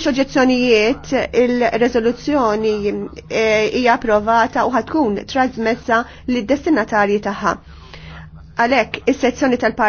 Mux oġezzjonijiet il-rezoluzzjoni eh, hija approvata u ħatkun trasmessa lid-destinatarji tagħha. Għalhekk is-sezzjoni tal-Parlament